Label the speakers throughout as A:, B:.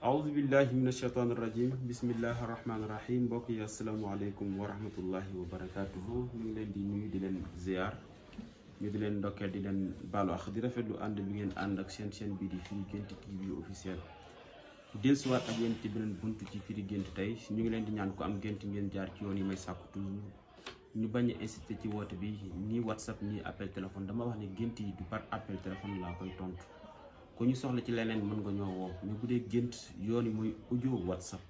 A: aoudu billahi min asheytaan irrajim bismillahi arrahmani irrahim mbokk yi asalaamaaleykum wa rahmatullahi wa barakatuhu ñu ngi leen di nuyu di leen ziar ñu di leen ndokkeel di leen baalu ak di rafetlu ànd bi ngeen ànd ak seen chaîne bii di Firi Guent TV officiel dellusiwaat ak yéen ci beneen bunt ci Firi Guent tey ñu ngi leen di ñaan ko am gént ngeen jaar ci yoon yi may sàkku toujours ñu bañ a insisté ci woote bi nii whatsapp nii appel téléphone dama wax ne gént yi du par appel téléphone laa koy tontu ku ñu soxla ci leneen mën nga ñoo woo mais bu dee gént yoon yi muy audio whatsapp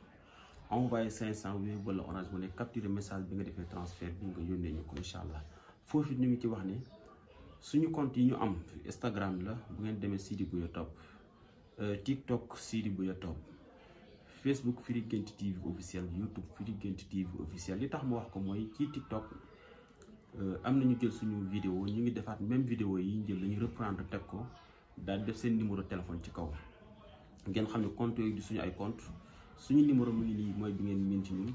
A: envoyé 500 Wave wala Orange Money capturé message bi nga defee transfert bi nga yónnee ñu ko incha allah foofu it ñu ngi ci wax ni suñu compte yi ñu am Instagram la bu ngeen demee Sidi Bouya Top euh, TikTok Sidi Bouya Top Facebook Firi Guent TV officiel YouTube Firi Guent TV officiel li tax mu wax ko mooy ci TikTok. Euh, am nañu jël suñu vidéo ñu ngi defaat même vidéo yi ñu jël lañu reprendre teg ko daal def seen numéro téléphone ci kaw ngeen xam ne compte yooyu di suñu ay compte suñu numéro mu ngi lii mooy bi ngeen minti ñun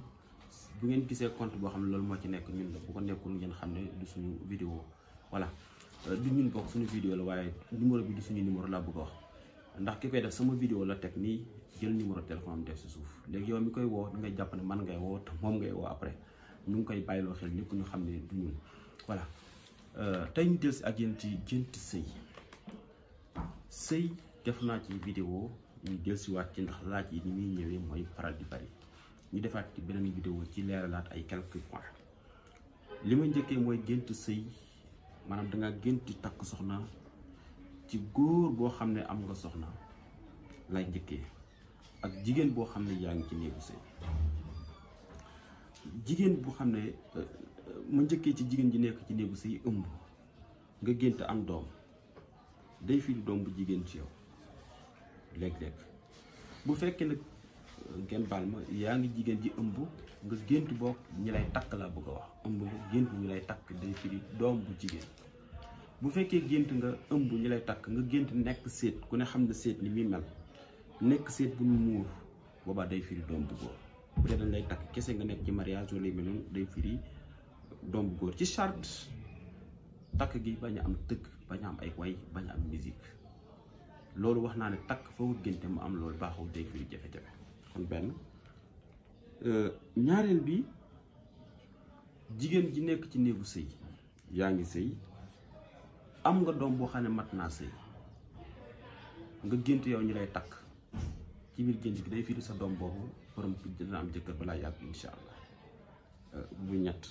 A: bu ngeen gisee compte boo xam ne loolu moo ci nekk ñun la bu ko nekkul ngeen xam ne du suñu vidéo voilà euh, du ñun bokk suñu vidéo la waaye numéro bi suñu numéro laa bëgg a wax ndax ki koy def sama vidéo la teg nii jël numéro téléphone def si suuf léegi yow mi koy woo ni ngay jàpp ne man ngay woo te moom ngay woo après ñu ngi koy bàyyiloo xel ñëpp ñu xam ne du ñun voilà euh, tey ñu dellu si ak yéen ci gént sëy sëy def naa ci vidéo ñu dellusiwaat ci ndax laaj yi ni ñëwee mooy faral di bari ñu defaat ci beneen vidéo ci leeralaat ay quelques points li ma njëkkee mooy gént sëy maanaam danga gént takk soxna ci góor boo xam ne am nga soxna lay njëkkee ak jigéen boo xam ne yaa ngi ci néegu sëy jigéen bu xam ne euh, euh, ma njëkkee ci jigéen ji nekk ci néegu sëy ëmb nga gént am doom day firi doom bu jigéen ci yow léeg-léeg bu fekkee nag ngeen baal ma yaa ngi jigéen ji ëmb nga gént boog ñi lay takk laa bëgg a wax ëmb nga gént ñu lay takk day firi doom bu jigéen bu fekkee gént nga ëmb ñi lay takk nga gént nekk seet ku ne xam na seet ni muy mel nekk seet bu ñu muur boobaa day firi doom bu góor bu dee dañ lay takk kese nga nekk ci mariage wala yu mel noonu day firi doom bu góor ci charte takk gi bañ a am tëkk bañ am ay way bañ am musique loolu wax naa ne takk fa wut génte mu am loolu baaxul day firi jafe-jafe kon benn euh, ñaareel bi jigéen ji nekk ci néegu sëy yaa ngi sëy am nga doom boo xam ne mat naa sëy nga gént yow ñu lay takk ci biir gént gi day firi sa doom boobu borom bi dina am jëkkër balaa yàgg insha allah euh, bu ñett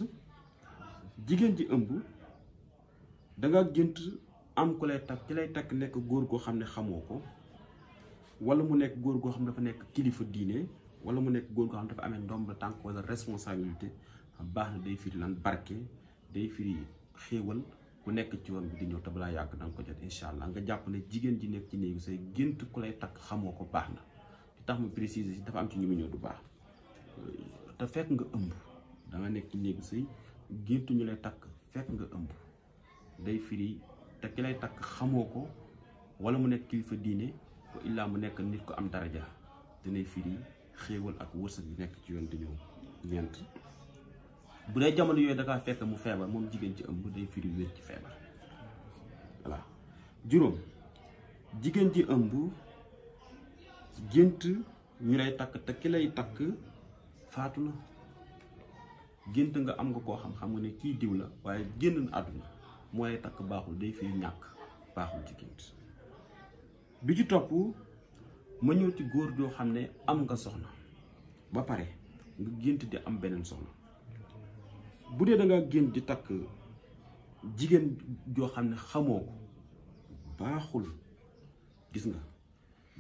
A: jigéen ji ëmb danga gént am ku lay takk ci lay takk nekk góor goo xam ne xamoo ko wala mu nekk góor goo xam ne dafa nekk kilifa diine wala mu nekk góor goo xam ne dafa amee ndomb tànk wala responsabilité baax na day firi lan barke day firi xéewal ku nekk ci woon bi di ñëw te balaa yàgg danga ko jot incha allah nga jàpp ne jigéen ji nekk ci néegu say gént ku lay takk xamoo ko baax na li tax mu préciser dafa am ci ñu mu ñëw du baax te fekk nga ëmb da nekk ci néegu say géntu ñu lay takk fekk nga ëmb day firi. te ki lay takk xamoo ko wala mu nekk kilifa diine ko illaa mu nekk nit ko am daraja dinay firi xéewal ak wërsëg yu nekk ci yoon te ñëw ñeent bu dee jamono yooyu da kaa fekk mu feebar moom jigéen ci ëmb day firi wér ci feebar voilà juróom jigéen ji ëmb gént ñu lay takk te ki lay takk faatu na gént nga am nga koo xam-xam nga ne kii diw la waaye génn na àdduna mooy takk baaxul day fii ñàkk baaxul ci gént bi ci topp ma ñëw ci góor joo xam ne am nga soxna ba pare nga gént di am beneen soxna bu dee da nga gént di takk jigéen joo xam ne xamoo ko baaxul gis nga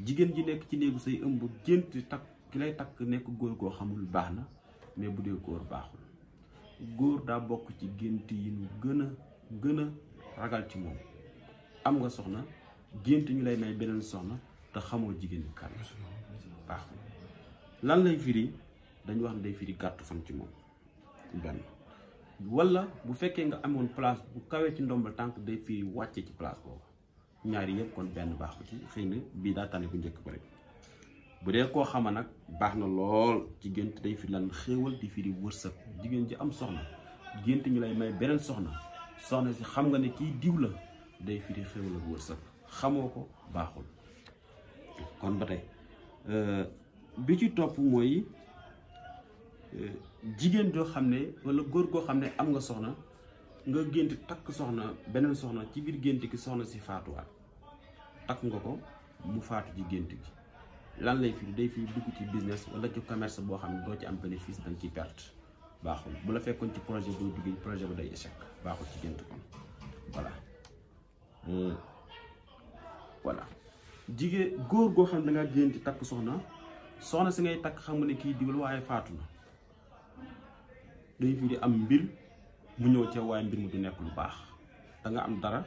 A: jigéen ji nekk ci néegu say ëmb gént takk ki lay takk nekk góor goo xamul baax na mais bu dee góor baaxul góor daa bokk ci gént yi nu gën a gën a ragal ci moom am nga soxna gént ñu lay may beneen soxna te xamoo jigéen kan baax lan lay firi dañu wax ne day firi gàttu fan ci moom benn wala bu fekkee nga amoon place bu kawee ci ndombal tànk day firi wàcce ci place boobu ñaari yëpp kon benn baaxu ci xëy na bii daa tane bu njëkk ba rek bu dee koo xama nag baax na lool ci gént day firi lan xéewal di firi wërsëg jigéen ji am soxna gént ñu lay may beneen soxna soxna si xam nga ne kii diw la day xew la ak wërsëg xamoo ko baaxul kon ba tey euh, bi ci topp mooy euh, jigéen doo xam ne walla góor goo xam ne am nga soxna nga gént takk soxna beneen soxna ci biir gént gi soxna si faatuwaat takk nga ko mu faatu ci gént gi lan lay firi day firi dugg ci business wala ci commerce boo xam ne doo ci am bénéfice danga ci perte baaxul bu la fekkoon ci projet boo duggee projet bu day échec baaxul ci gént kon voilà euh, voilà jigéen góor goo xam ne da ngaa gént takk soxna soxna si ngay takk xam nga ne kii diwul waaye faatu na dañu di am mbir mu ñëw ca waaye mbir mu du nekk lu baax da nga am dara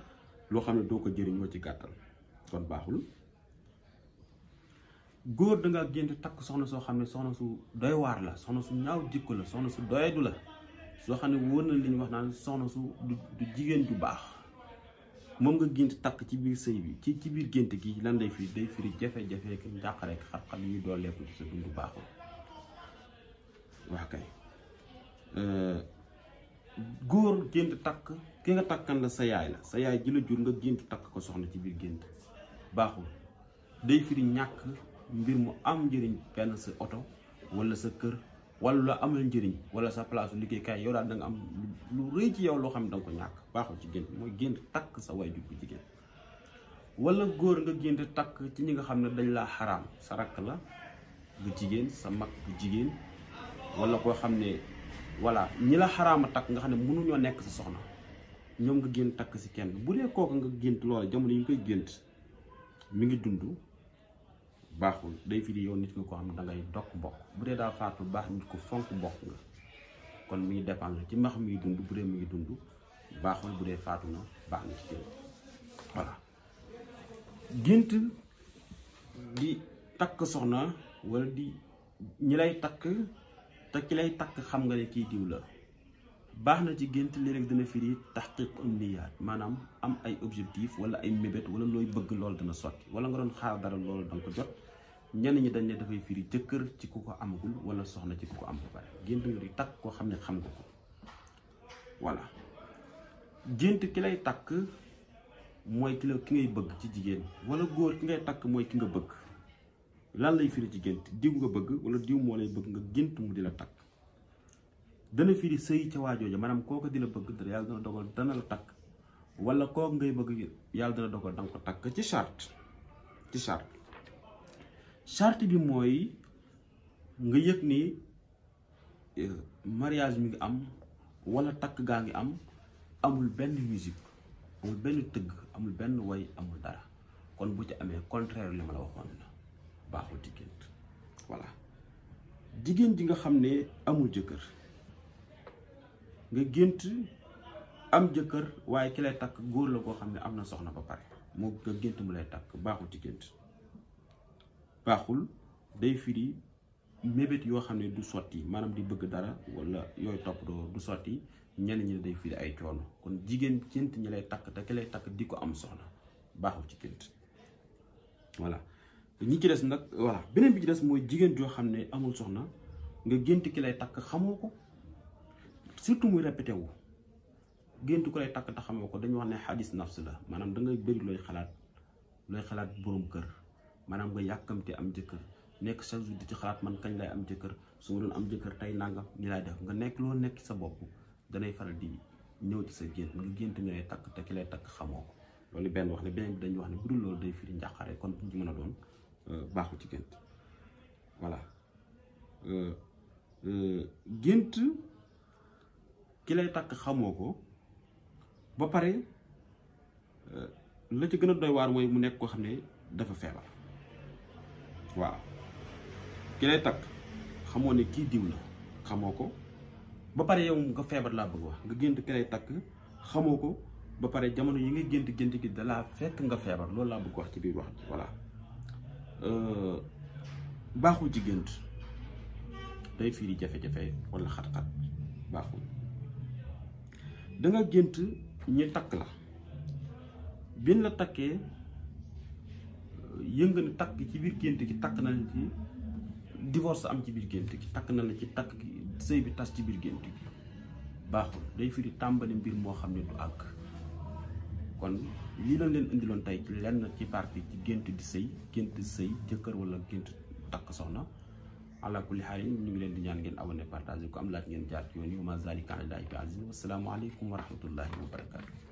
A: loo xam ne doo ko jëriñoo ci gàttal kon baaxul góor da ngaa gént takk soxna soo xam ne soxna su doy la soxna su ñaaw jikko la soxna su doyadu la soo xam ne wóor na li ñu wax naan soxna su du jigéen ju baax moom nga gént takk ci biir sëy bi ci ci biir gént gi lan day firi jafe-jafe ak njàqare ak xat-xat yu dooleeku ci sa dund baaxul wax kay euh, góor takk ki nga la sa yaay la sa yaay ji la jur nga gént takk ko soxna ci biir gént baaxul day firi ñàkk mbir mu am njëriñ benn si oto wala sa kër wala la amal njëriñ wala sa place su liggéeykaay yow daal da nga am lu rëy ci yow loo xam ne da ko ñàkk baaxul ci génn mooy gént takk sa waajur bu jigéen wala góor nga gént takk ci ñi nga xam ne dañ laa xaraam sa rakk la bu jigéen sa mag bu jigéen wala koo xam ne voilà ñi la xaraama takk nga xam ne mënuñoo nekk si soxna ñoom nga gént takk si kenn bu dee kooku nga gént loola jamono yi nga koy gént mi ngi dund baaxul day firi yow nit ko xam da ngay dokk mbokk bu dee daa faatu baax nit ku fonk mbokk nga kon muy dépendre ci max muy dund bu dee muy dund baaxul bu dee faatu na baax na ci gént di takk soxna wala di ñi lay takk te lay takk xam nga ne kii diw la baax na ci gént léeg-léeg dina firi taxqiq umniyaat maanaam am ay objectif wala ay mébét wala looy bëgg loolu dana sotti wala nga doon xaar dara loolu danga ko jot ñenn ñi dañ ne dafay firi jëkkër ci ku ko amagul wala soxna ci ku ko am ba pare gént nga di takk koo xam ne xam nga ko voilà gént ki lay takk mooy ki ki ngay bëgg ci jigéen wala góor ki ngay takk mooy ki nga bëgg lan lay firi ci gént diw nga bëgg wala diw moo lay bëgg nga gént mu di la takk dana firi sëy ca waajooja maanaam kooko di la bëgg yàlla dana dogal dana la takk wala kook ngay bëgg yàlla dana dogal danga ko takk ci charte ci charte charte bi mooy nga yëg ni euh, mariage mi ngi am walla takk gaa ngi am amul benn musique amul benn tëgg amul benn woy amul dara kon bu ci amee contraire li ma la waxoon la baaxul diggante voilà jigéen ji nga xam ne amul jëkkër nga gént am jëkkër waaye ki lay takk góor la koo xam ne am na soxna ba pare moo nga gént mu lay takk baaxul gént baaxul day firi mébét yoo xam ne du sotti maanaam di bëgg dara wala yooyu doo du sotti ñenn ñi day firi ay coono kon jigéen gént ñi lay takk te ki lay takk di ko am soxna baaxul ci gént voilà ñi ci des nag voilà beneen bi ci des mooy jigéen joo xam ne amul soxna nga gént ki lay takk xamoo ko surtout muy répété wu gént ko lay takk te xamoo ko dañu wax ne xadis nafs la maanaam da ngay bëri looy xalaat looy xalaat boroom kër maanaam nga yàkkamte am jëkkër nekk chaque jour di ci xalaat man kañ lay am jëkkër su ma doon am jëkkër tey nangam ni lay def nga nekk loolu nekk sa bopp danay faral di ñëw ci sa gént nga gént ñu takk te ki lay takk xamoo ko loolu benn wax ne beneen bi dañuy wax ne bu dul loolu day firi njàqare kon bu ñu mën a euh, ci gént voilà euh, euh, gént ki takk xamoo ko ba pare la ci gën a doy waar mooy mu nekk koo xam ne dafa feebar waaw ki lay takk xamoo ne kii diw la xamoo ko ba pare yow nga feebar laa bëgg wax nga gént ki lay takk xamoo ko ba pare jamono yi ngay gént gént gi dalaa fekk nga feebar loolu laa bëgg wax ci biir wax ji voilà euh, baaxul ci gént day firi jafe-jafe wala xat-xat baaxul da gént ñi takk la bin la takkee yënga ne takk ci biir gént gi takk na la ci divorce am ci biir gént gi takk na la ci takk gi sëy bi tas ci biir gént gi baaxul day firi tàmbali mbir moo xam ne du àgg kon lii lañ leen indiloon tey ci lenn ci parti ci gént di sëy gént sëy jëkkër wala gént takk soxna ala kulli xaal ñu ngi leen di ñaan ngeen abonné partagé ko am laaj ngeen jaar ci yoon yi ma zalika ala bi azim wasalaamualeykum wa rahmatullahi wa barakatu